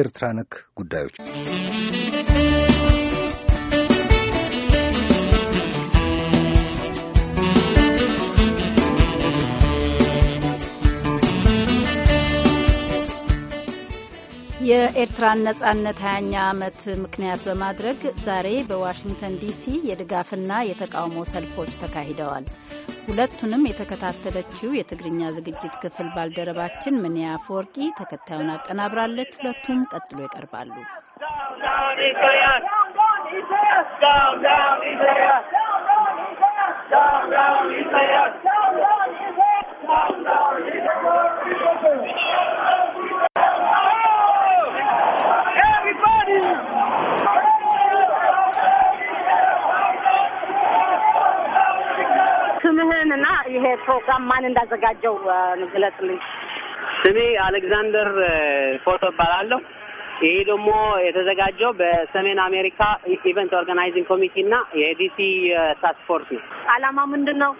ኤርትራ ነክ ጉዳዮች የኤርትራን ነጻነት 2 ኛ ዓመት ምክንያት በማድረግ ዛሬ በዋሽንግተን ዲሲ የድጋፍና የተቃውሞ ሰልፎች ተካሂደዋል። ሁለቱንም የተከታተለችው የትግርኛ ዝግጅት ክፍል ባልደረባችን ምንያ አፈወርቂ ተከታዩን አቀናብራለች። ሁለቱም ቀጥሎ ይቀርባሉ። ስምህን እና ይሄ ፕሮግራም ማን እንዳዘጋጀው ግለጽልኝ። ስሜ አሌክዛንደር ፎቶ እባላለሁ። ይሄ ደግሞ የተዘጋጀው በሰሜን አሜሪካ ኢቨንት ኦርጋናይዚንግ ኮሚቴ እና የዲሲ ታስክ ፎርስ ነው። አላማ ምንድን ነው?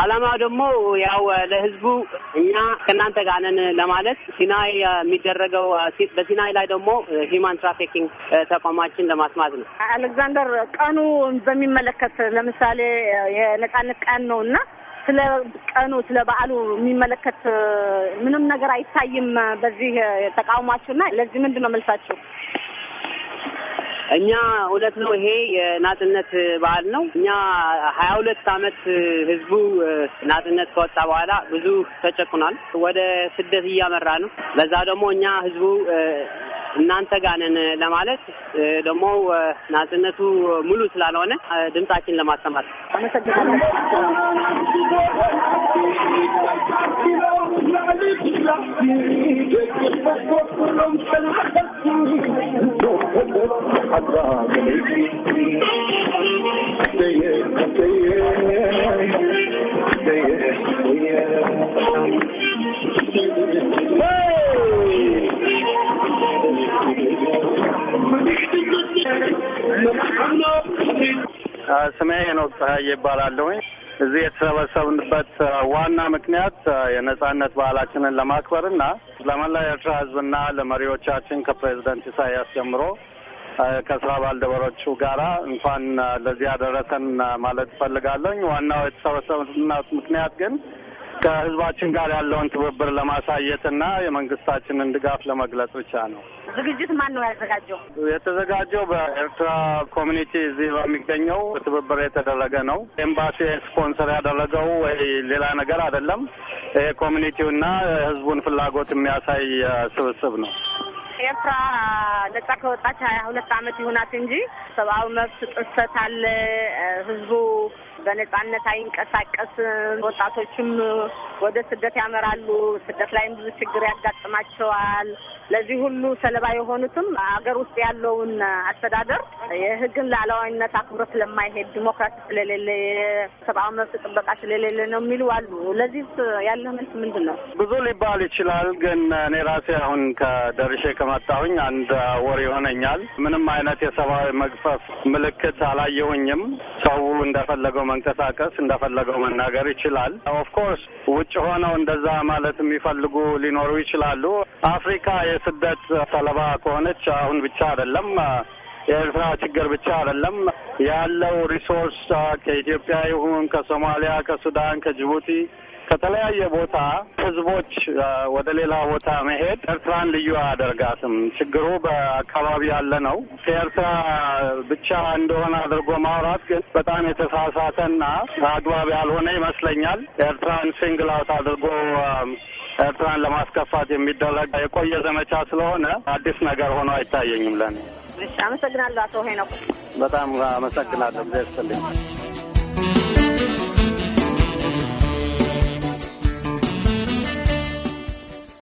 አላማ ደግሞ ያው ለህዝቡ እኛ ከእናንተ ጋር ነን ለማለት ሲናይ የሚደረገው በሲናይ ላይ ደግሞ ሂማን ትራፊኪንግ ተቋማችን ለማስማት ነው። አሌክዛንደር ቀኑ በሚመለከት ለምሳሌ የነጻነት ቀን ነው እና ስለ ቀኑ ስለ በዓሉ የሚመለከት ምንም ነገር አይታይም በዚህ ተቃውሟችሁ እና ለዚህ ምንድን ነው መልሳችሁ? እኛ እውነት ነው ይሄ የናጽነት በዓል ነው። እኛ ሀያ ሁለት አመት ህዝቡ ናጽነት ከወጣ በኋላ ብዙ ተጨቁናል። ወደ ስደት እያመራ ነው። በዛ ደግሞ እኛ ህዝቡ እናንተ ጋነን ለማለት ደግሞ ናጽነቱ ሙሉ ስላልሆነ ድምጻችን ለማሰማት አመሰግናለሁ። ስሜ ነው ፀሐይ ይባላለሁኝ። እዚህ የተሰበሰብንበት ዋና ምክንያት የነጻነት በዓላችንን ለማክበርና ለመላ የኤርትራ ህዝብና ለመሪዎቻችን ከፕሬዚደንት ኢሳያስ ጀምሮ ከስራ ባልደበሮቹ ጋራ እንኳን ለዚህ ያደረሰን ማለት እፈልጋለኝ። ዋናው የተሰበሰብንበት ምክንያት ግን ከህዝባችን ጋር ያለውን ትብብር ለማሳየትና የመንግስታችንን ድጋፍ ለመግለጽ ብቻ ነው። ዝግጅት ማን ነው ያዘጋጀው? የተዘጋጀው በኤርትራ ኮሚኒቲ እዚህ በሚገኘው ትብብር የተደረገ ነው። ኤምባሲ ስፖንሰር ያደረገው ወይ ሌላ ነገር አይደለም። ኮሚኒቲውና ህዝቡን ፍላጎት የሚያሳይ ስብስብ ነው። ኤርትራ ነጻ ከወጣች ሀያ ሁለት ዓመት ይሆናት እንጂ ሰብአዊ መብት ጥሰት አለ። ህዝቡ በነጻነት አይንቀሳቀስም። ወጣቶችም ወደ ስደት ያመራሉ። ስደት ላይም ብዙ ችግር ያጋጥማቸዋል። ለዚህ ሁሉ ሰለባ የሆኑትም አገር ውስጥ ያለውን አስተዳደር የህግን ሉዓላዊነት አክብሮ ስለማይሄድ ዲሞክራሲ ስለሌለ፣ የሰብአዊ መብት ጥበቃ ስለሌለ ነው የሚሉ አሉ። ለዚህ ያለ መልስ ምንድን ነው? ብዙ ሊባል ይችላል። ግን እኔ ራሴ አሁን ከደርሼ ከመጣሁኝ አንድ ወር ይሆነኛል። ምንም አይነት የሰብአዊ መግፈፍ ምልክት አላየሁኝም። ሰው እንደፈለገው መንቀሳቀስ እንደፈለገው መናገር ይችላል። ኦፍኮርስ ውጭ ሆነው እንደዛ ማለት የሚፈልጉ ሊኖሩ ይችላሉ። አፍሪካ የስደት ሰለባ ከሆነች አሁን ብቻ አይደለም የኤርትራ ችግር ብቻ አይደለም ያለው ሪሶርስ ከኢትዮጵያ ይሁን ከሶማሊያ፣ ከሱዳን፣ ከጅቡቲ ከተለያየ ቦታ ህዝቦች ወደ ሌላ ቦታ መሄድ ኤርትራን ልዩ አያደርጋትም። ችግሩ በአካባቢ ያለ ነው። ከኤርትራ ብቻ እንደሆነ አድርጎ ማውራት ግን በጣም የተሳሳተና አግባብ ያልሆነ ይመስለኛል። ኤርትራን ሲንግል አውት አድርጎ ኤርትራን ለማስከፋት የሚደረግ የቆየ ዘመቻ ስለሆነ አዲስ ነገር ሆኖ አይታየኝም ለኔ። አመሰግናለሁ አቶ ሄኖክ። በጣም አመሰግናለሁ። ጊዜ ስትልኝ